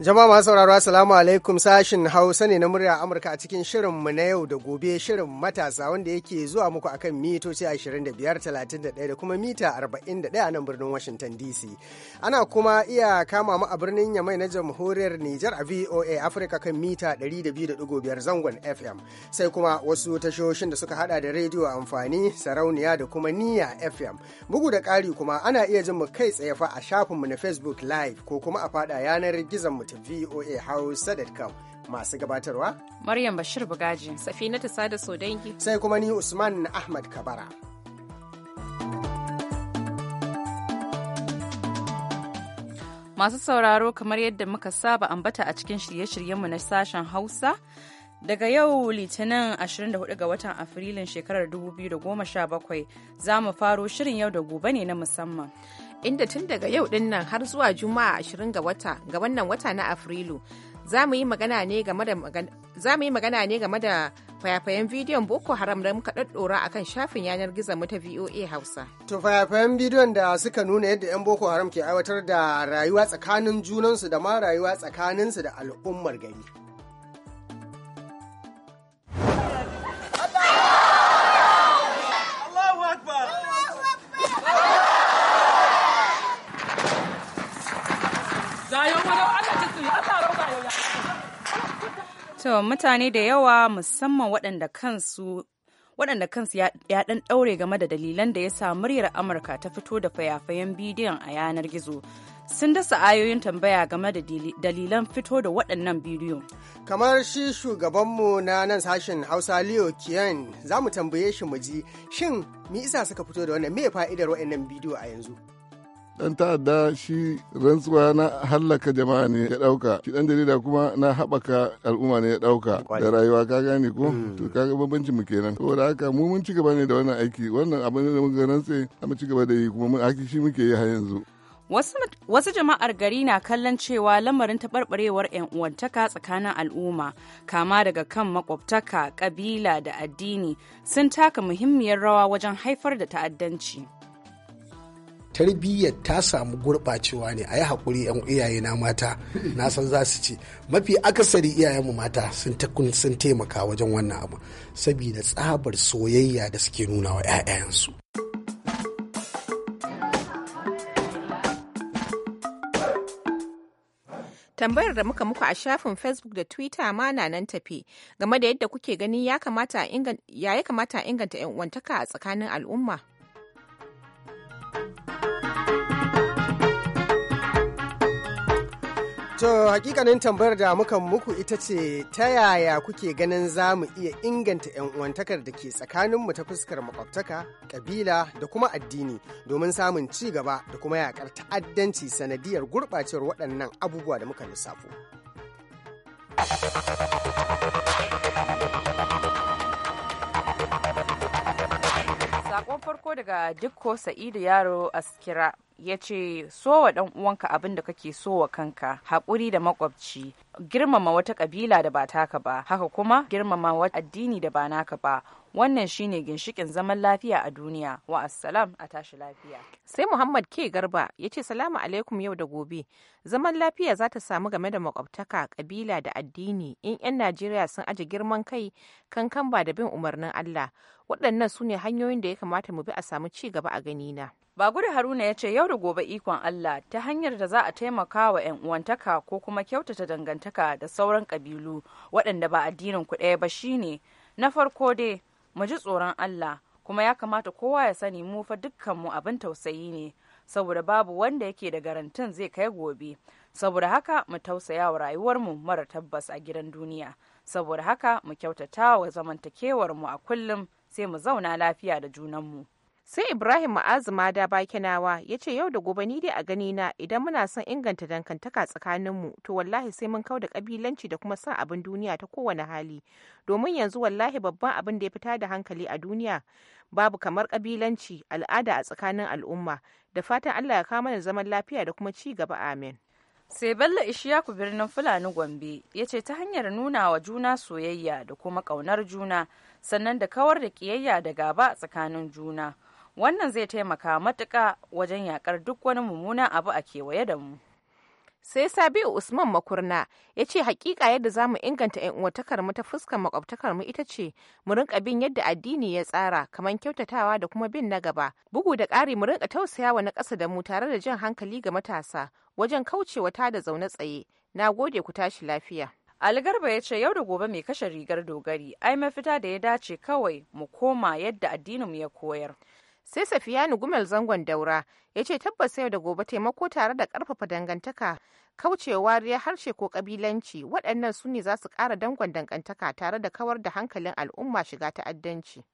Jama'a masu sauraro Assalamu alaikum sashin Hausa ne na murya Amurka a cikin shirin mu na yau da gobe shirin matasa wanda yake zuwa muku akan mitoci 25 da kuma mita 41 a nan birnin Washington DC. Ana kuma iya kama mu a birnin Yamai na Jamhuriyar Nijar a VOA Africa kan mita 200.5 zangon FM. Sai kuma wasu tashoshin da suka hada da rediyo amfani, sarauniya da kuma niya FM. Bugu da ƙari kuma ana iya jin mu kai tsaye fa a mu na Facebook Live ko kuma a fada yanar gizon mu voa voahausa.com masu gabatarwa Maryam Bashir Bugaji Safina ta Sada Sodangi sai kuma ni Usman na Ahmad Kabara Masu sauraro kamar yadda muka saba ambata a cikin shirye-shiryenmu na sashen Hausa Daga yau Litinin 24 ga watan Afrilun shekarar 2017 za mu faro shirin yau da gobe ne na musamman. inda tun daga yau din nan har zuwa Juma'a 20 ga wata ga wannan wata na Afrilu za mu yi magana ne game da fayafayen bidiyon Boko Haram da muka ɗaɗɗora a kan shafin yanar gizo mu ta VOA Hausa. To fayafayen bidiyon da suka nuna yadda 'yan Boko Haram ke aiwatar da rayuwa tsakanin junansu da ma rayuwa tsakaninsu da al'ummar gari. To mutane da yawa musamman waɗanda kansu waɗanda kansu ya ɗan ɗaure game da dalilan da ya sa muryar Amurka ta fito da fayafayen bidiyon a yanar gizo. Sun dasa ayoyin tambaya game da dalilan fito da waɗannan bidiyo. Kamar shi shugabanmu na nan sashen Hausa Leo Kiyan za mu tambaye shi mu ji shin me isa suka fito da wannan me fa'idar waɗannan bidiyo a yanzu? dan ta'adda shi rantsuwa na hallaka jama'a ne ya dauka shi dan jarida kuma na haɓaka al'umma ne ya dauka da rayuwa ka gane ko hmm. to kaga bambancin mu kenan saboda haka mu mun ci gaba ne da wannan aiki wannan abin da muka rantse mu ci gaba da yi kuma mun aiki shi muke yi har yanzu Wasu jama'ar gari na kallon cewa lamarin taɓarɓarewar 'yan uwantaka tsakanin al'umma, kama daga kan makwabtaka, ƙabila da addini, sun taka muhimmiyar rawa wajen haifar da ta'addanci. tarbiyyar ta samu gurɓacewa ne a yi haƙuri yan iyaye na mata na san za su ce mafi akasari iyayenmu mata sun taimaka wajen wannan abu saboda tsabar soyayya da suke nuna wa 'ya'yansu. tambayar da muka muku a shafin facebook da twitter ma na nan tafi game da yadda kuke gani ya kamata a inganta 'yan uwantaka a tsakanin al'umma To hakikanin tambayar da muka muku ita ce ta yaya kuke ganin za mu iya inganta 'yan uwantakar da ke tsakaninmu ta fuskar makwabtaka, kabila da kuma addini domin samun ci gaba da kuma yakar ta'addanci sanadiyar gurɓacewar waɗannan abubuwa da muka lissafo. saƙon farko daga Dikko Sa'idu Yaro Askira ya ce so wa ɗan uwanka abin da kake so wa kanka haƙuri da makwabci girmama wata ƙabila da ba taka ba haka kuma girmama wata addini da ba naka ba wannan shine ginshikin zaman lafiya a duniya wa assalam a tashi lafiya sai muhammad ke garba ya ce salamu alaikum yau da gobe zaman lafiya za ta samu game da makwabtaka kabila da addini in 'yan najeriya sun aji girman kai kankamba da bin umarnin allah waɗannan su ne hanyoyin da ya kamata mu bi a samu ci gaba a gani ganina Bagudu Haruna ya ce yau da gobe ikon Allah ta hanyar da za a taimaka wa 'yan uwantaka ko kuma kyautata dangantaka da sauran kabilu waɗanda ba addinin ku ɗaya ba shine na farko dai mu ji tsoron Allah kuma ya kamata kowa ya sani mu fa dukkanmu abin tausayi ne saboda babu wanda yake da garantin zai kai gobe saboda haka mu tausaya wa rayuwarmu mara tabbas a gidan duniya saboda haka mu kyautata wa zamantakewarmu a kullum sai mu zauna lafiya da junanmu. sai ibrahim ma'azu da bakinawa ya ce yau da gobe ni dai a gani na idan muna son inganta dangantaka tsakaninmu to wallahi sai mun kau da kabilanci da kuma son abin duniya ta kowane hali domin yanzu wallahi babban abin da ya fita da hankali a duniya babu kamar kabilanci al'ada a tsakanin al'umma da fatan allah ya kawo mana zaman lafiya da kuma ci gaba amin sai bello ishiyaku birnin fulani gombe ya ce ta hanyar nuna wa juna soyayya da kuma kaunar juna sannan da kawar da kiyayya da gaba tsakanin juna wannan zai taimaka matuka wajen yakar duk wani mummunan abu a kewaye da mu sai sabiu usman makurna ya ce hakika yadda za mu inganta yan uwatakar mu ta fuskar makwabtakar mu ita ce mu rinka bin yadda addini ya tsara kamar kyautatawa da kuma bin na gaba bugu da ƙari mu rinka tausaya wa na ƙasa da mu tare da jan hankali ga matasa wajen kaucewa ta da zaune tsaye na gode ku tashi lafiya Ali Garba ya ce yau da gobe mai kashe rigar dogari ai mafita da ya dace kawai mu koma yadda addininmu ya koyar. sai safiyanu gumel zangon daura ya ce tabbas yau da gobe taimako tare da karfafa dangantaka kaucewa riya harshe ko kabilanci waɗannan su ne za su ƙara dangon dangantaka tare da kawar da hankalin al'umma shiga ta'addanci.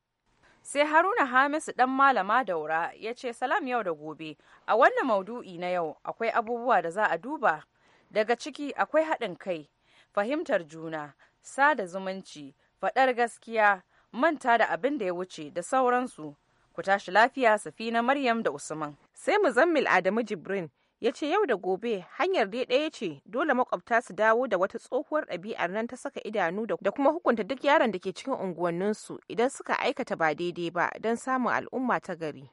sai haruna hamisu dan malama daura ya ce salam yau da gobe a wannan maudu'i na yau akwai abubuwa da za a duba daga ciki akwai haɗin kai fahimtar juna sada zumunci faɗar gaskiya manta da abin da ya wuce da sauransu Ku tashi lafiya Safina Maryam da Usman. Sai Muzammil Adamu Jibrin ya ce yau da gobe hanyar dai ɗaya ce dole makwabta su dawo da wata tsohuwar ɗabi'ar nan ta saka idanu da kuma hukunta duk yaron da ke cikin unguwanninsu idan suka aikata ba daidai ba don samun al'umma ta gari.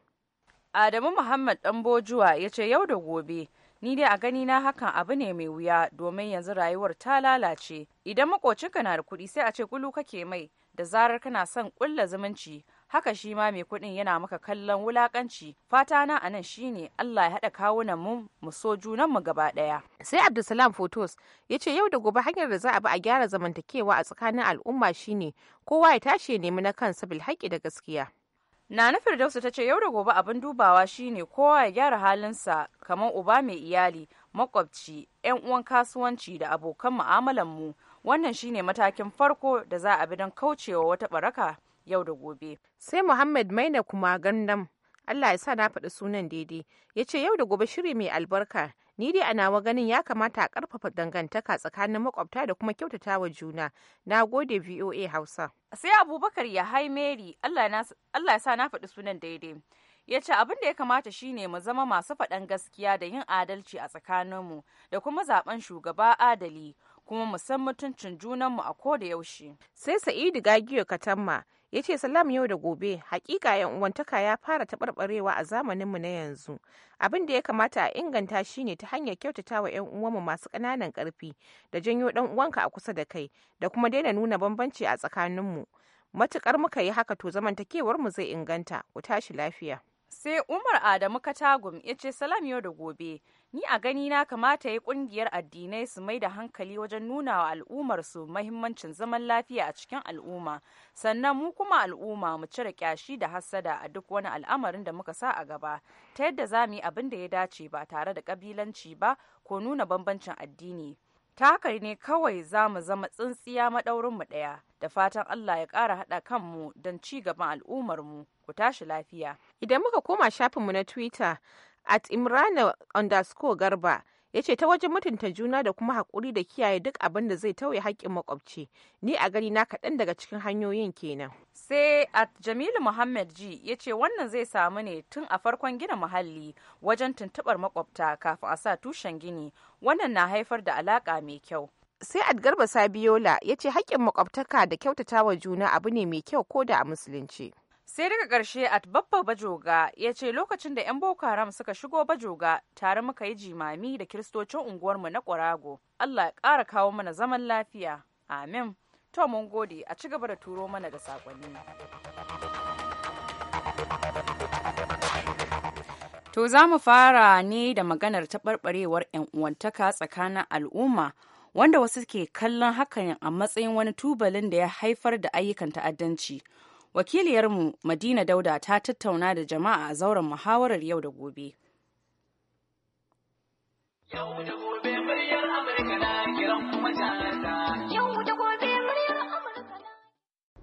Adamu Muhammad bojuwa ya ce yau da gobe ni dai a gani na hakan abu ne mai wuya domin yanzu rayuwar ta lalace idan makocinka na da kuɗi sai a ce kulu kake mai da zarar kana son ƙulla zumunci haka shi ma mai kuɗin yana maka kallon wulakanci fata na a nan shine Allah ya haɗa kawunan mu mu so junan mu gaba ɗaya. Sai Abdulsalam Photos ya ce yau da gobe hanyar da za a bi a gyara zamantakewa a tsakanin al'umma shine kowa ya tashi ya nemi na kansa bil haƙƙi da gaskiya. Nana Firdausu ta ce yau da gobe abin dubawa shine kowa ya gyara halinsa kamar uba mai iyali, makwabci, 'yan uwan kasuwanci da abokan mu'amalan mu. Wannan shine matakin farko da za a bi don kaucewa wata baraka yau da gobe. Sai Muhammad Maina kuma gandam Allah ya sa na faɗi sunan daidai ya ce yau da gobe shiri mai albarka ni dai a nawa ganin ya kamata a ƙarfafa dangantaka tsakanin makwabta da kuma kyautata wa juna na gode voa hausa sai abubakar ya hai mary allah ya sa na faɗi sunan daidai ya ce abin da ya kamata shine mu zama masu faɗan gaskiya da yin adalci a tsakaninmu da kuma zaben shugaba adali kuma mu san mutuncin junanmu a ko da yaushe sai sa'idu gagiyo katamma ya ce salam yau da gobe hakika yan uwantaka ya fara taɓarɓarewa a zamaninmu na yanzu abin da ya kamata a inganta shine ta hanyar kyautata wa yan uwanmu masu ƙananan ƙarfi da janyo ɗan uwanka a kusa da kai da kuma daina nuna bambanci a tsakaninmu matukar muka yi haka to mu zai inganta ku tashi lafiya sai umar adamu katagum ya ce salam yau da gobe ni a gani na kamata ya kungiyar addinai su mai da hankali wajen nuna wa al'ummar su mahimmancin zaman lafiya a cikin al'umma sannan mu kuma al'umma mu cire kyashi da hassada a duk wani al'amarin da muka sa a gaba ta yadda za mu yi abin da ya dace ba tare da kabilanci ba ko nuna bambancin addini ta haka ne kawai za mu zama tsintsiya mu ɗaya da fatan Allah ya ƙara haɗa kanmu don ci gaban al'ummar mu ku tashi lafiya. Idan muka koma shafinmu na Twitter at imrana underscore garba ya ce ta wajen mutunta juna da kuma haƙuri da kiyaye duk abin da zai tauye haƙƙin makwabci ni a gani na kaɗan daga cikin hanyoyin kenan sai at jamilu muhammad ji ya ce wannan zai samu ne tun a farkon gina muhalli wajen tuntuɓar makwabta kafin a sa tushen gini wannan na haifar da alaƙa mai kyau sai at garba sabiola ya ce haƙƙin makwabtaka da kyautatawa juna abu ne mai kyau ko da a musulunci sai daga ƙarshe at babba bajoga ya ce lokacin da 'yan boko haram suka shigo bajoga tare muka yi jimami da kiristocin unguwarmu na ƙwarago allah ya ƙara kawo mana zaman lafiya amin to mun gode a ci gaba da turo mana da saƙonni to za mu fara ne da maganar taɓarɓarewar 'yan uwantaka tsakanin al'umma wanda wasu ke kallon hakan a matsayin wani tubalin da ya haifar da ayyukan ta'addanci wakiliyarmu madina dauda ta tattauna da jama'a a zauren muhawarar yau da gobe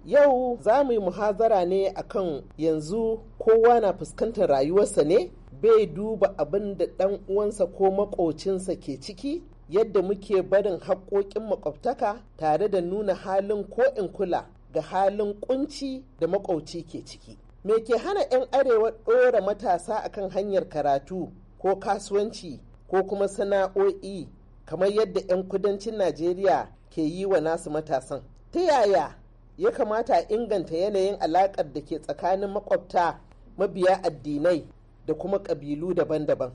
yau za mu yi muhazara ne akan yanzu kowa na fuskantar rayuwarsa ne bai duba abin da ɗan uwansa ko maƙocinsa ke ciki yadda muke barin haƙoƙin makwabtaka tare da nuna halin ko in kula ga halin kunci da makwauci ke ciki. Me ke hana 'yan arewa ɗora matasa akan hanyar karatu ko kasuwanci ko kuma sana'o'i kamar yadda 'yan kudancin Najeriya ke yi wa nasu matasan. Ta yaya ya kamata a inganta yanayin alaƙar da ke tsakanin makwabta mabiya addinai da kuma ƙabilu daban-daban.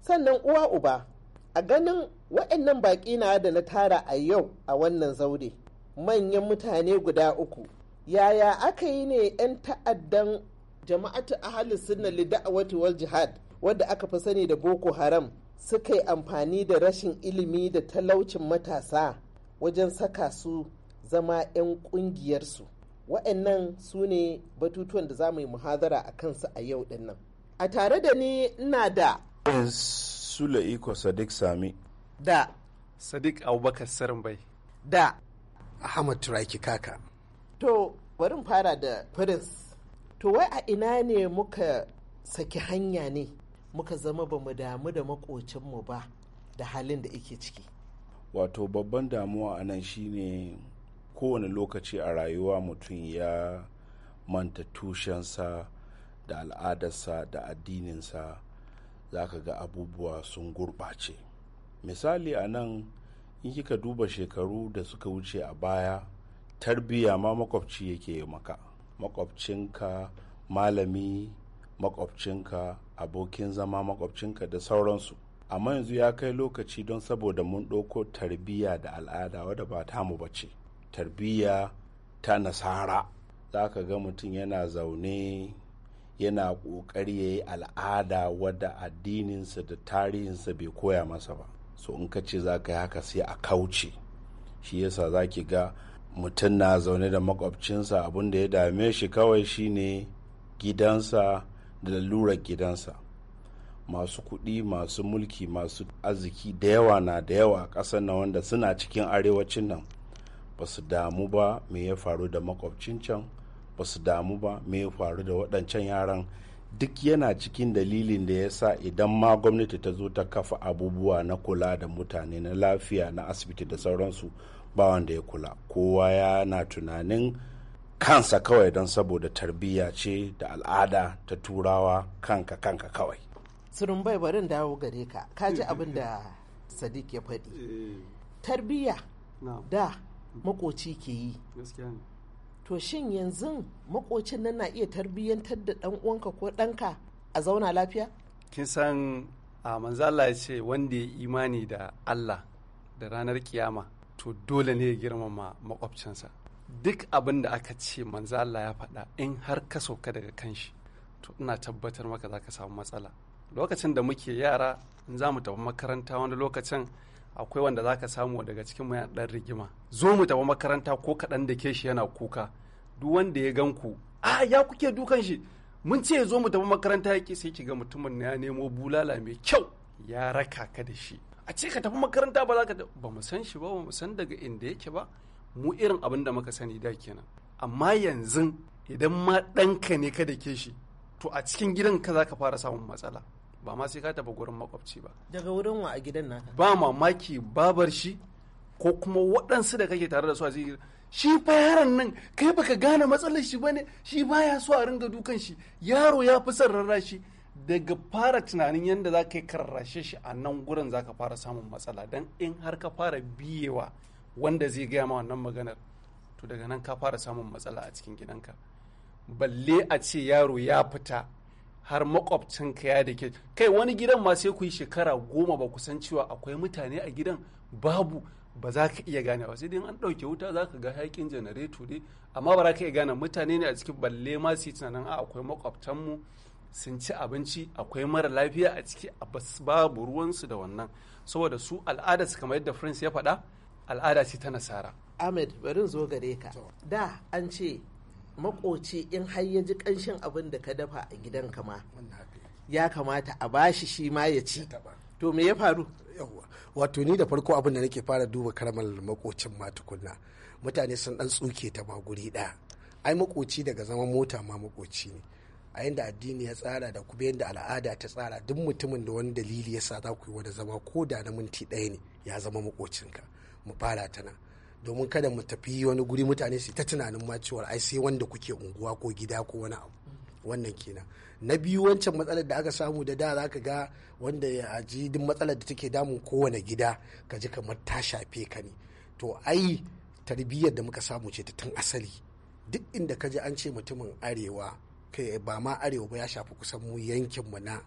Sannan uwa uba, a ganin waɗannan baƙi na da na tara a yau a wannan zaure. manyan mutane guda uku yaya aka yi ne 'yan ta'addan jama'atu a ahalin sunna lida'awati wal jihad wadda aka fi sani da boko haram suka yi amfani da rashin ilimi da talaucin matasa wajen saka su zama 'yan ƙungiyarsu wa'annan su ne batutuwan da za mu yi muhazara a kansu a yau din nan a tare da ni ina da sule iko sadiq sami da sadiq abubakar sarin bai da Ahmad Turaki Kaka. To, bari fara da Prince. To, wai a ina ne muka saki hanya ne muka zama ba mu damu da makocinmu ba da halin da ike ciki. Wato, babban damuwa a nan shi ne kowane lokaci a rayuwa mutum ya manta tushensa da al'adarsa da addininsa za ka ga abubuwa sun gurɓace. Misali a nan in kika duba shekaru da suka wuce a baya tarbiya ma makwabci yake maka makwabcinka malami makwabcinka abokin zama makwabcinka da sauransu amma yanzu ya kai lokaci don saboda mun ɗauko tarbiyya da al'ada wadda ba ta mu bace tarbiyya ta nasara za ka ga mutum yana zaune yana ƙoƙari ya yi al'ada wadda addininsa da tarihinsa bai koya masa ba so in ka ce za ka yi haka sai a kauce shi yasa za ki ga mutum na zaune da makwabcinsa abin da ya dame shi kawai shine gidansa da lalurar gidansa masu kuɗi masu mulki masu arziki da yawa na da yawa a ƙasar na wanda suna cikin arewacin nan ba su damu ba me ya faru da makwabcin can ba su damu ba me ya faru da waɗancan yaran duk yana cikin dalilin da ya sa idan ma gwamnati ta zo ta kafa abubuwa na kula da mutane na lafiya na asibiti da sauransu ba wanda ya kula kowa ya na tunanin kansa kawai don saboda tarbiyya ce da al'ada ta turawa kanka kanka kawai surumbai barin dawo gare ka ka ji abin da sadiq ya faɗi eh. tarbiyya da makoci ke yi to shin yanzu makocin nan na iya tarbiyyantar da dan uwanka ko danka a zauna lafiya kin san a manzo Allah ya ce wanda ya imani da Allah da ranar kiyama to dole ne ya girmama makwabcinsa duk abin da aka ce manzo Allah ya faɗa in har ka sauka daga kanshi to ina tabbatar maka za ka samu matsala lokacin da muke yara in za mu tafi makaranta wani lokacin akwai wanda za ka samu daga cikin mu ɗan rigima zo mu tafi makaranta ko kaɗan da ke shi yana kuka duk wanda ya gan ku a ya kuke dukan shi mun ce ya zo mu tafi makaranta ya sai ki ga mutumin ya nemo bulala mai kyau ya raka ka da shi a ce ka tafi makaranta ba za ka ba mu san shi ba ba mu san daga inda yake ba mu irin abin da muka sani da kenan amma yanzu idan ma ɗanka ne ka da ke shi to a cikin gidan ka za ka fara samun matsala ba ma sai ka tafi gurin makwabci ba daga wurin wa a gidan naka ba mamaki babar shi ko kuma waɗansu da kake tare da su a shi fa yaron nan kai baka gane matsalar shi bane shi baya so a ringa dukan shi yaro ya fi son rarrashi daga fara tunanin yadda za ka yi karrashe shi a nan gurin za ka fara samun matsala don in har ka fara biyewa wanda zai gaya ma wannan maganar to daga nan ka fara samun matsala a cikin gidanka balle a ce yaro ya fita har makwabcinka ya da ke kai wani gidan ma sai ku yi shekara goma ba ku san cewa akwai mutane a gidan babu ba za ka iya gane ba sai dai an ɗauke wuta za ka ga haƙin janareto ne amma ba za ka iya gane mutane ne a cikin balle ma yi tunanin a akwai makwabtanmu sun ci abinci akwai mara lafiya a ciki a babu ruwansu da wannan saboda su al'ada su kamar yadda prince ya faɗa al'ada ce ta nasara ahmed bari zo gare ka da an ce makoci in har ya ji ƙanshin abin da ka dafa a gidan ma ya kamata a bashi shi ma ya ci to me ya faru yawwa wato ni da farko abin da nake fara duba karamar makocin ma tukunna mutane sun dan tsuke ta ma guri ɗaya ai makoci daga zaman mota ma makoci ne a yadda addini ya tsara da kuma yadda al'ada ta tsara duk mutumin da wani dalili ya sa za ku yi wani zama ko da na minti ɗaya ne ya zama makocinka mu fara ta nan domin kada mu tafi wani guri mutane su ta tunanin ma cewa ai sai wanda kuke unguwa ko gida ko wani abu wannan kenan na biyu wancan matsalar da aka samu da da za ka ga wanda ya ji duk matsalar da take damun kowane gida ka ji kamar ta shafe ka ne to ai tarbiyyar da muka samu ce ta tun asali duk inda ka ji an ce mutumin arewa kai ba ma arewa ba ya shafi kusan mu yankinmu na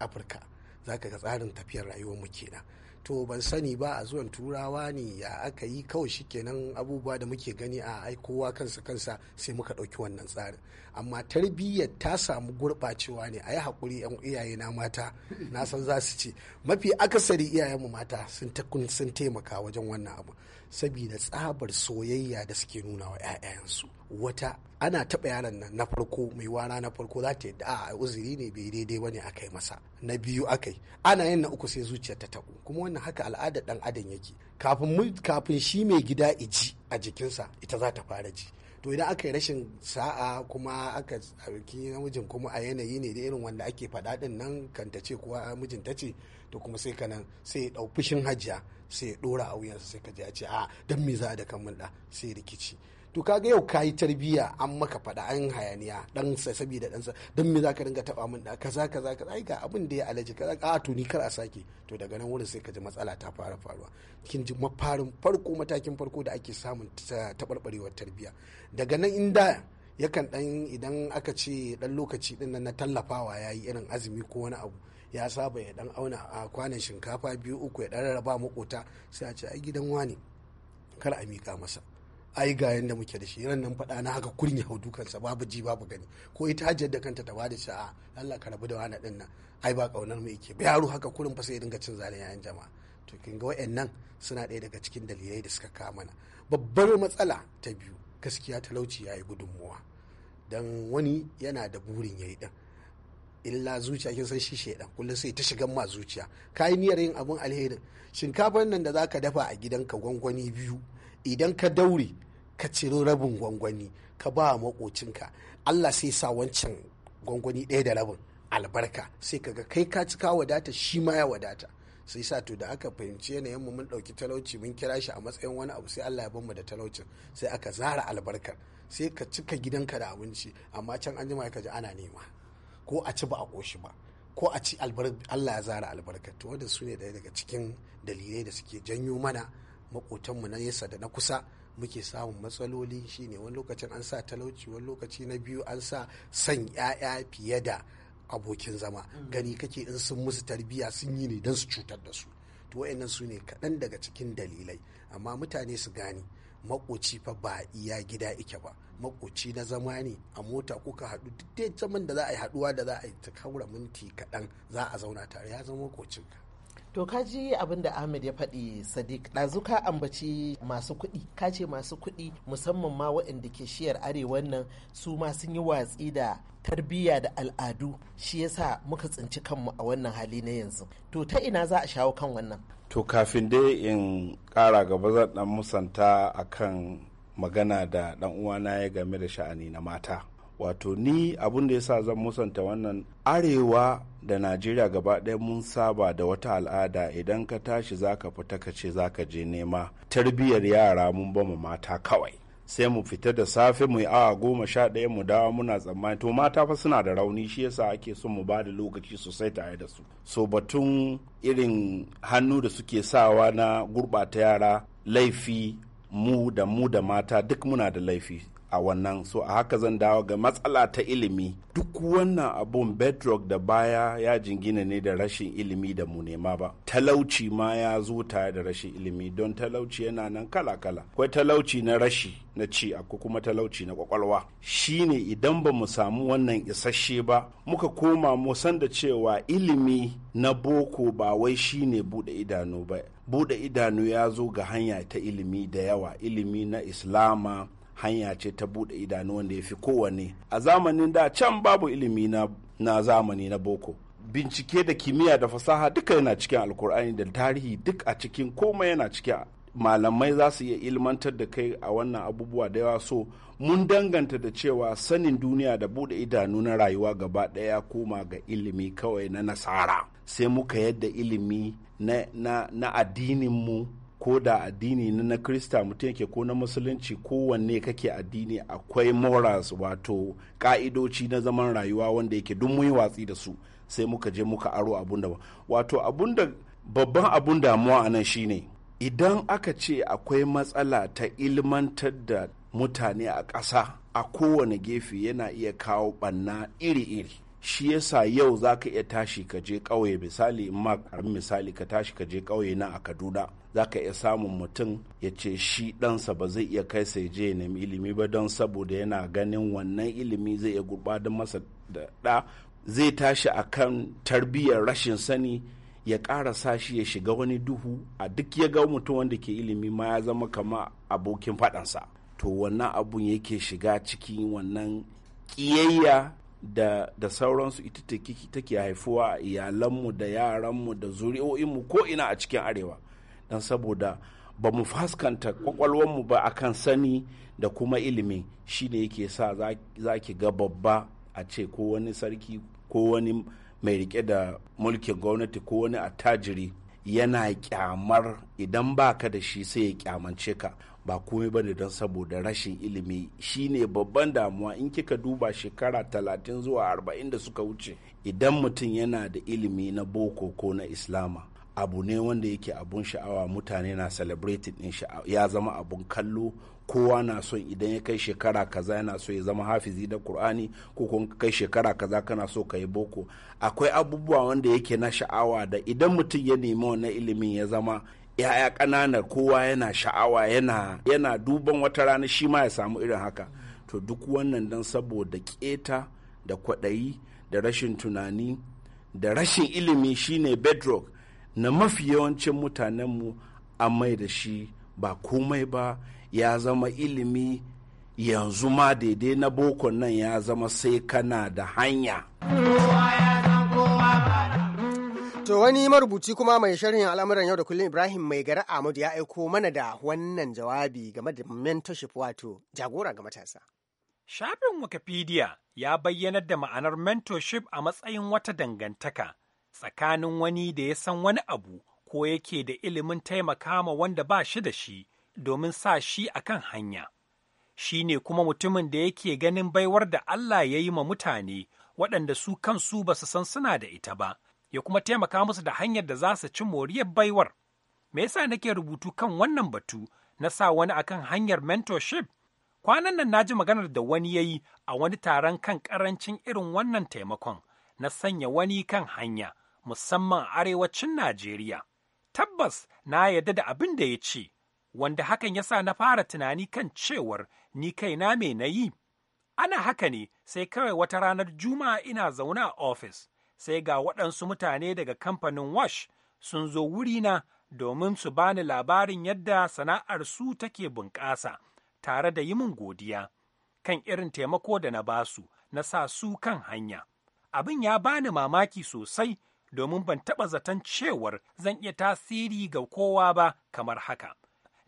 afirka za ka ga tsarin tafiyar rayuwar mu kenan to ban sani ba a zuwan turawa ne ya aka yi kawai shi kenan abubuwa da muke gani a aikowa kansa kansa sai muka ɗauki wannan tsarin amma tarbiyyar ta samu gurɓacewa ne a yi haƙuri yan iyaye na mata na san za su ce mafi akasari iyayenmu mata sun taimaka wajen wannan abu saboda tsabar soyayya da suke nuna wa 'ya'yansu wata ana taɓa yaron nan na farko mai wara na farko za ta yadda a uzuri ne bai daidai bane aka yi masa na biyu aka yi ana yin na uku sai zuciya ta taɓo kuma wannan haka al'ada ɗan adam yake kafin kafin shi mai gida iji a jikinsa ita za ta fara ji to idan aka yi rashin sa'a kuma aka ɗauki namijin kuma a yanayi ne da irin wanda ake faɗa ɗin nan kan ta ce kuwa mijin ta ce to kuma sai ka nan sai ɗau fushin hajiya sai ya ɗora a wuyansa sai ka ji a ce a dan me za a da kan mun da sai rikici to kaga yau kayi tarbiya an maka faɗa an hayaniya dan sa saboda dan sa dan me zaka ringa taba min da kaza kaza kaza ai ga abin da ya alaji kaza a to ni kar a sake to daga nan wurin sai ka ji matsala ta fara faruwa kin ji mafarin farko matakin farko da ake samun taɓarɓarewar tarbiyya daga nan inda yakan dan idan aka ce dan lokaci din nan na tallafawa yayi irin azumi ko wani abu ya saba ya dan auna a kwanan shinkafa biyu uku ya dan raba makota sai a ce ai gidan wani kar a mika masa ai ga da muke da shi ran nan faɗa na haka kurin ya hau dukansa babu ji babu gani ko ita hajjar da kanta ta bada sa'a Allah ka rabu da wani ɗin nan ai ba kaunar mu yake ba yaro haka kurin fasa ya dinga cin zalin yayan jama'a to kin ga wayannan suna ɗaya daga cikin dalilai da suka kama mana babbar matsala ta biyu gaskiya talauci ya yi gudunmuwa dan wani yana da burin ya yayi ɗin illa zuciya kin san shi shaidan kullum sai ta shigan ma zuciya kai niyyar yin abun alherin shinkafar nan da zaka dafa a gidanka gwangwani biyu idan ka daure ka ciro rabin gwangwani ka ba makocinka Allah sai sa wancan gwangwani ɗaya da rabin albarka sai kaga kai ka cika wadata shi ma ya wadata sai sa to da aka fahimci yanayin mu mun ɗauki talauci mun kira shi a matsayin wani abu sai Allah ya bamu da talaucin sai aka zara albarkar sai ka cika gidanka da abinci amma can an jima ka ji ana nema ko a ci ba a ƙoshi ba ko a ci Allah ya zara albarkar to wanda su ne daga cikin dalilai da suke janyo mana makotanmu na nesa da na kusa muke samun matsaloli shine wani lokacin an sa talauci wani lokaci na biyu an sa san 'ya'ya fiye da abokin zama mm. gani kake in sun musu tarbiyya sun yi ne don su cutar da su to wa'annan su ne kaɗan daga cikin dalilai amma mutane su gane makoci fa ba iya gida ike ba makoci na zama ne a mota kuka haɗu duk dai zaman da za a yi haɗuwa da za a yi ta minti kaɗan za a zauna tare ya zama makocinka To ka ji abin da Ahmed ya faɗi Sadiq ɗazu ka ambaci masu kuɗi ka ce masu kuɗi musamman ma waɗanda ke shiyar arewa nan su ma sun yi watsi da tarbiyya da al'adu shi yasa muka tsinci kanmu a wannan hali na yanzu to ta ina za a shawo kan wannan to kafin dai in kara gaba zan dan musanta akan magana da dan uwana ya game da sha'ani na mata wato ni abin da ya sa zan musanta wannan arewa da najeriya gaba ɗaya mun saba da wata al'ada idan ka tashi zaka fita ka ce ka je nema tarbiyyar yara mun ba mu mata kawai sai mu fita da safe mu yi awa goma sha ɗaya mu dawa muna tsammani to mata fa suna da rauni shi yasa ake son mu ba da lokaci sosai tare da su so batun irin hannu da suke sawa na gurɓata yara laifi mu da mu da mata duk muna da laifi a wannan so a haka zan dawo ga matsala ta ilimi duk wannan abun bedrock da baya ya jingina ne da rashin ilimi da mu nema ba talauci ma ya zo tare da rashin ilimi don talauci yana nan kala-kala akwai talauci na rashi na ci akwai kuma talauci na kwakwalwa shine idan ba mu samu wannan isasshe ba muka koma mu san da cewa ilimi na boko ba wai shine bude idanu ba bude idanu ya zo ga hanya ta ilimi da yawa ilimi na islama hanya ce ta buɗe idanu wanda ya fi kowanne a zamanin da can babu ilimi na, zamani na boko bincike da kimiyya da fasaha duka yana cikin alkur'ani da tarihi duk a cikin komai yana cikin malamai za su iya ilmantar da kai a wannan abubuwa da yawa so mun danganta da cewa sanin duniya da buɗe idanu na rayuwa gaba daya koma ga ilimi kawai na nasara sai muka yadda ilimi na, na, na addininmu ko da addini na krista mutum yake ko na musulunci kowanne kake addini akwai morals wato ka'idoci na zaman rayuwa wanda yake duk muyi watsi da su sai muka je muka aro abun da wato abun da babban abun damuwa a nan shine idan aka ce akwai matsala ta ilmantar da mutane a ƙasa a kowane gefe yana iya kawo ɓanna iri-iri shi yasa yau za ka iya tashi ka je ƙauye misali in ma misali ka tashi ka je ƙauye na a kaduna za ka iya samun mutum ya ce shi ɗansa ba zai iya kai sai je nemi ilimi ba don saboda yana ganin wannan ilimi zai iya gurɓatar masa da zai tashi a kan tarbiyyar rashin sani ya ƙara sa shi ya shiga wani duhu a duk ya ga mutum wanda ke ilimi ma ya zama kama abokin faɗansa to wannan abun yake shiga cikin wannan ƙiyayya da, da sauransu ita take haifuwa a iyalanmu da yaranmu da zuri'o'inmu ko ina a cikin arewa don saboda ba mu faskanta kwakwalwanmu ba akan sani da kuma ilimi ne yake sa za ki ga babba a ce ko wani sarki ko wani mai rike da mulkin gwamnati ko wani attajiri yana kyamar idan baka da shi sai ya kyamance ka ba komai bane don saboda rashin ilimi shine babban damuwa in kika duba shekara talatin zuwa arba'in da suka wuce idan mutum yana da ilimi na boko ko na islama abu ne wanda yake abun sha'awa mutane na celebrated din ya zama abun kallo kowa na son idan ya kai shekara kaza yana so ya zama hafizi da kur'ani ko kun kai shekara kaza kana so ka yi boko akwai abubuwa wanda yake na sha'awa da idan mutum ya nemi wannan ilimin ya zama yaya ƙanana kowa yana sha'awa yana duban wata rana shi ma ya samu irin haka to duk wannan don saboda keta da kwaɗayi da rashin tunani da rashin ilimi shine bedrock na mafi yawancin mutanenmu a mai da shi ba komai ba ya zama ilimi yanzu ma daidai na boko nan ya zama sai kana da hanya. To wani marubuci kuma mai sharhin al'amuran yau da kullum Ibrahim mai gara Ahmad ya aiko mana da wannan jawabi game da mentorship wato jagora ga matasa. Shafin Wikipedia ya bayyana da ma'anar mentorship a matsayin wata dangantaka tsakanin wani da ya san wani abu ko yake da ilimin taimaka ma wanda ba shi da shi domin sa shi akan hanya. Shi ne kuma mutumin da yake ganin baiwar da Allah ya yi ma mutane waɗanda su kansu ba su san suna da ita ba, ya kuma taimaka musu da hanyar da za su ci moriyar baiwar. Me yasa nake rubutu kan wannan batu na sa wani akan hanyar mentorship? Kwanan nan na ji maganar da wani ya yi a wani taron kan karancin irin wannan taimakon na sanya wani kan hanya musamman a arewacin Najeriya. Tabbas na yadda da abin da ya ce, wanda hakan ya sa na fara tunani kan cewar ni kaina me na yi. Ana haka ne sai kawai wata ranar Juma'a ina zaune a ofis. sai ga waɗansu mutane daga kamfanin wash sun zo wurina domin su bani labarin yadda sana'ar su take bunƙasa tare da yi min godiya kan irin taimako da na basu na sa su kan hanya abin ya bani mamaki sosai domin ban taɓa zaton cewar zan iya tasiri ga kowa ba kamar haka.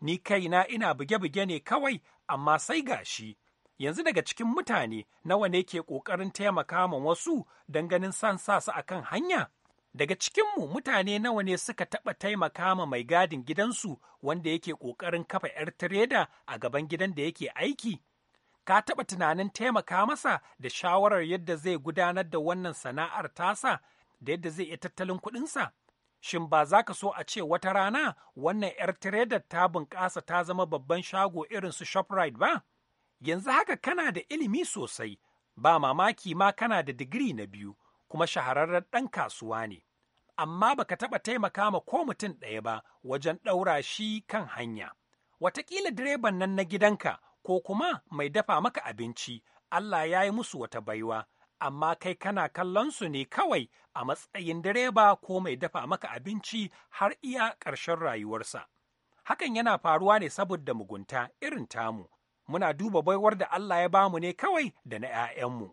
Ni kaina ina buge-buge ne kawai, amma sai gashi yanzu daga cikin mutane nawa ne ke ƙoƙarin taimaka ma wasu don ganin san sa su akan hanya daga cikinmu mutane nawa ne suka taɓa taimaka ma mai gadin gidansu wanda yake ƙoƙarin kafa 'yar tireda a gaban gidan da yake aiki ka taɓa tunanin taimaka masa da shawarar yadda zai gudanar da wannan sana'ar tasa da yadda zai iya tattalin kuɗinsa shin ba za ka so a ce wata rana wannan 'yar tiredar ta bunƙasa ta zama babban shago irin su shoprite ba yanzu haka kana da ilimi sosai, ba mamaki ma kana da digiri na biyu, kuma shahararren ɗan kasuwa ne, amma baka taɓa taimaka ma ko mutum ɗaya ba wajen ɗaura shi kan hanya. Wataƙila direban nan na gidanka ko kuma mai dafa maka abinci, Allah ya yi musu wata baiwa, amma kai kana kallon su ne kawai a matsayin direba ko mai dafa maka abinci har iya ƙarshen rayuwarsa. Hakan yana faruwa ne saboda mugunta irin tamu, muna duba baiwar da Allah ya bamu ne kawai da na 'ya'yanmu.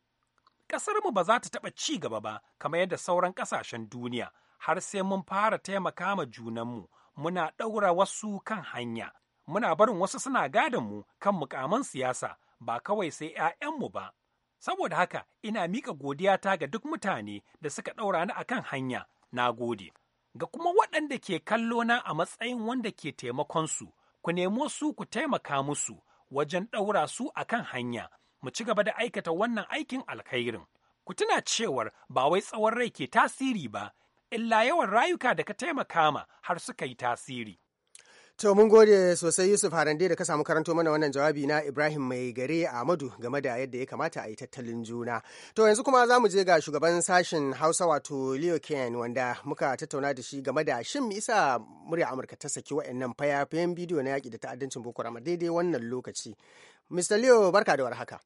Ƙasarmu ba za ta taɓa ci gaba ba kamar yadda sauran ƙasashen duniya har sai mun fara taimaka ma junanmu muna ɗaura wasu kan hanya muna barin wasu suna gadonmu kan mukaman siyasa ba kawai sai 'ya'yanmu ba. Saboda haka ina miƙa godiyata ga duk mutane da suka ɗaura ni akan hanya na gode. Ga kuma waɗanda ke kallo na a matsayin wanda ke taimakon su, ku nemo su ku taimaka musu wajen ɗaura su a kan hanya, mu ci gaba da aikata wannan aikin alkhairin. Ku tuna cewar ba wai tsawon rai ke tasiri ba, illa yawan rayuka da ka taimaka ma har suka yi tasiri. To mun gode sosai Yusuf Harande da ka samu karanto mana wannan jawabi na Ibrahim Mai Gare Ahmadu game da yadda ya kamata a yi tattalin juna. To yanzu kuma za mu je ga shugaban sashen Hausa wato Leo Ken wanda muka tattauna da shi game da shin mu isa murya Amurka ta saki wa'annan fayafayen bidiyo na yaƙi da ta'addancin Boko Haram daidai wannan lokaci. Mr. Leo barka da warhaka.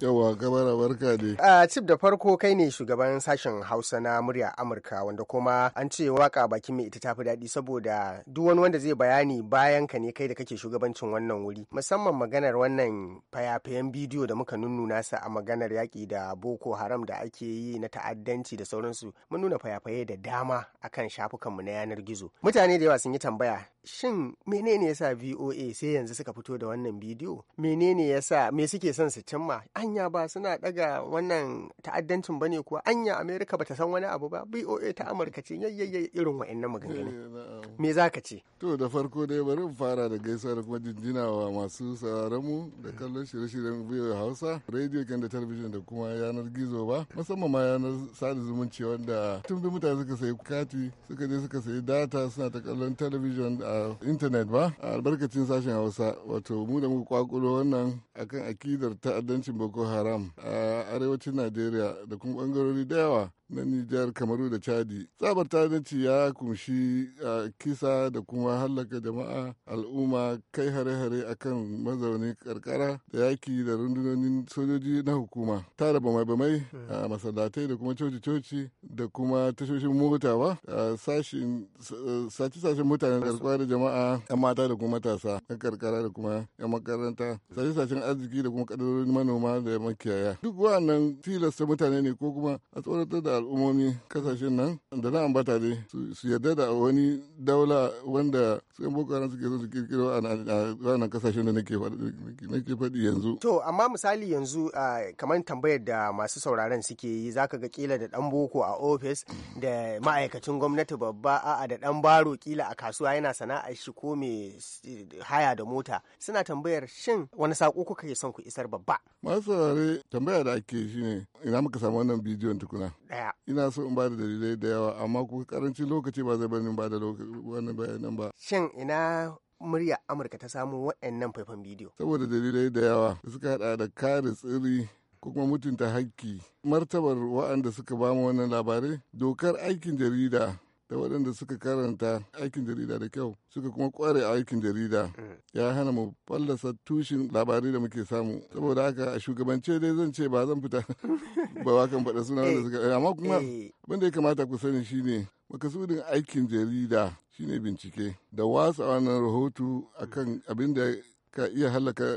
Yawa kamar barka ne. A cif da farko kai ne shugaban sashen Hausa na murya Amurka wanda kuma an ce waka bakin mai ita tafi daɗi saboda duk wani wanda zai bayani bayan ka ne kai da kake shugabancin wannan wuri musamman maganar wannan fayafayen bidiyo da muka nunnuna sa a maganar yaƙi da Boko Haram da ake yi na ta'addanci da sauransu mun nuna fayafaye da dama akan shafukanmu na yanar gizo. Mutane da yawa sun yi tambaya shin menene yasa VOA sai yanzu suka fito da wannan bidiyo? Menene yasa me suke son su cimma? Anya ba suna daga wannan ta'addancin bane kuwa anya Amerika bata san wani abu ba. VOA ta Amurka ce yayyayye irin wa'annan maganganun eh, Me zaka ce? To da farko dai bari in fara da gaisuwar kuma jinjina wa masu sauraron mu da kallon shirye-shiryen VOA Hausa, radio kan da talabijin da kuma yanar gizo ba, musamman ma yanar sada zumunci wanda tun bi mutane suka sayi kati, suka je suka sayi data suna ta kallon talabijin a intanet ba albarkacin sashen hausa wato mu da muka kwakulo wannan akan akidar ta'addancin boko haram a arewacin najeriya da kuma bangarori da yawa na Nijar, Kamaru da Chadi. Tsabar ta'addanci ya kunshi a kisa da kuma hallaka jama'a al'umma kai hare-hare akan mazaunin karkara da yaki da rundunonin sojoji na hukuma. Tara bamai-bamai hmm. a masallatai da kuma coci-coci da kuma tashoshin mota ba sace sashen mutanen da da jama'a 'yan mata da kuma matasa na karkara da kuma 'yan makaranta sace sashen arziki da kuma kadarorin manoma da makiyaya. Duk wannan tilasta mutane ne ko kuma a tsoratar da al'ummomi kasashen nan da na ambata ne su yarda da wani daula wanda sai boko haram suke su kirkiro a ranar kasashen da nake faɗi yanzu. to amma misali yanzu kamar tambayar da masu sauraron suke yi zaka ga kila da dan boko a ofis da ma'aikacin gwamnati babba a'a da dan baro kila a kasuwa yana sana'a shi ko me haya da mota suna tambayar shin wani sako kuka ke son ku isar babba. masu saurare tambaya da ake shine ina muka samu wannan bidiyon tukuna. daya baya. Ina so in bada dalilai da yawa amma kuka karancin lokaci ba zai bani ba wani bayanan ba. Shin ina murya Amurka ta samu waɗannan faifan bidiyo? Saboda dalilai da yawa suka haɗa da kare tsiri ko kuma mutunta hakki martabar wa'anda suka bamu wannan labarai dokar aikin jarida da waɗanda suka karanta aikin jarida da kyau suka kuma kware a aikin jarida ya hana mu fallasa tushen labarai da muke samu saboda haka a shugabance dai zan ce ba zan fita ba wa kan faɗa suna wanda suka eh, amma kuma eh. abin ya kamata ku sani shine makasudin aikin jarida shine bincike da watsa wannan rahoto akan abin da ka iya halaka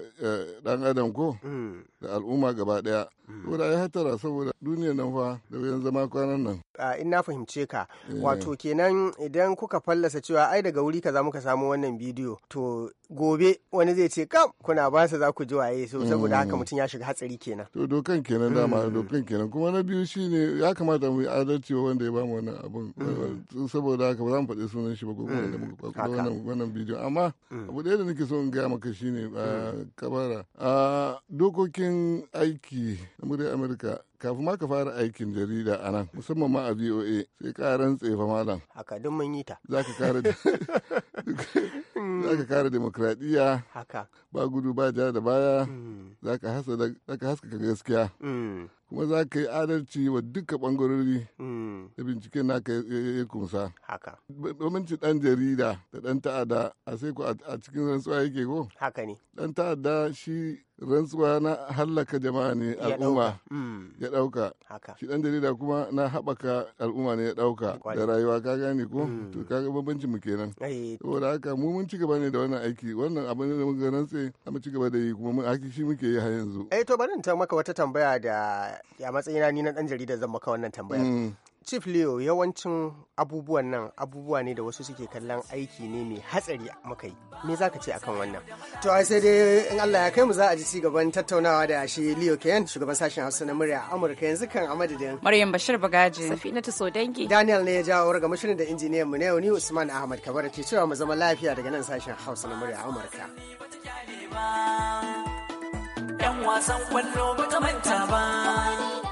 dan eh, adam ko mm. da al'umma gaba daya mm. saboda ya hatara saboda duniya nan fa da wayan zama kwanan nan in na fahimce ka eh. wato kenan idan kuka fallasa cewa ai daga wuri kaza muka samu wannan bidiyo to gobe wani zai ce kam kuna ba za ku ji waye so saboda haka mm. mutum ya shiga hatsari kenan to dokan kenan dama mm. dokan kenan kuma na biyu shine ya kamata mu yi adalci wa wanda ya bamu wannan abun mm. saboda haka ba za mu faɗi sunan shi ba ko wannan wannan bidiyo amma abu ɗaya da nake so in ga maka shine ah, kabara ah, dokokin aiki na muryar amurka kafin ma ka fara aikin jarida a nan musamman ma a voa sai ka rantse fa malam haka don mun yi ta za ka kare za ka kare demokradiyya ba gudu ba ja da baya mm. za ka haskaka gaskiya mm. kuma za ka yi adalci wa duka bangarori hmm. da binciken naka ya kunsa. Haka. ci ɗan jarida da ɗan ta'ada a sai ku a cikin rantsuwa yake ko? Haka ne. Ɗan ta'ada shi rantsuwa na hallaka jama'a ne al'umma ya ɗauka. Hmm. Shi ɗan jarida kuma na haɓaka al'umma ne ya ɗauka da rayuwa ka gane ko? Hmm. To ka ga bambanci mu kenan. Eh. Saboda haka mu mun ci gaba ne da wannan aiki wannan abu ne da muka rantse mu ci gaba da yi kuma mun aiki shi muke yi har yanzu. Eh to bari in ta maka wata tambaya da a matsayina ni na dan jarida zan maka wannan tambaya mm. chief leo yawancin abubuwan nan abubuwa ne da wasu suke kallon aiki ne mai hatsari muka yi me za ka ce akan wannan to ai sai dai in allah ya kai mu za a ji ci gaban tattaunawa da shi leo Kayan shugaban sashen hausa na murya amurka yanzu kan a madadin maryam bashir bagaji safina ta sodangi daniel ne ya jawo ga mashirin da injiniyan mu ne ni usman ahmad kabar ke cewa mu zama lafiya daga nan sashen hausa na murya amurka 'yan wasan kwallo ba ta manta ba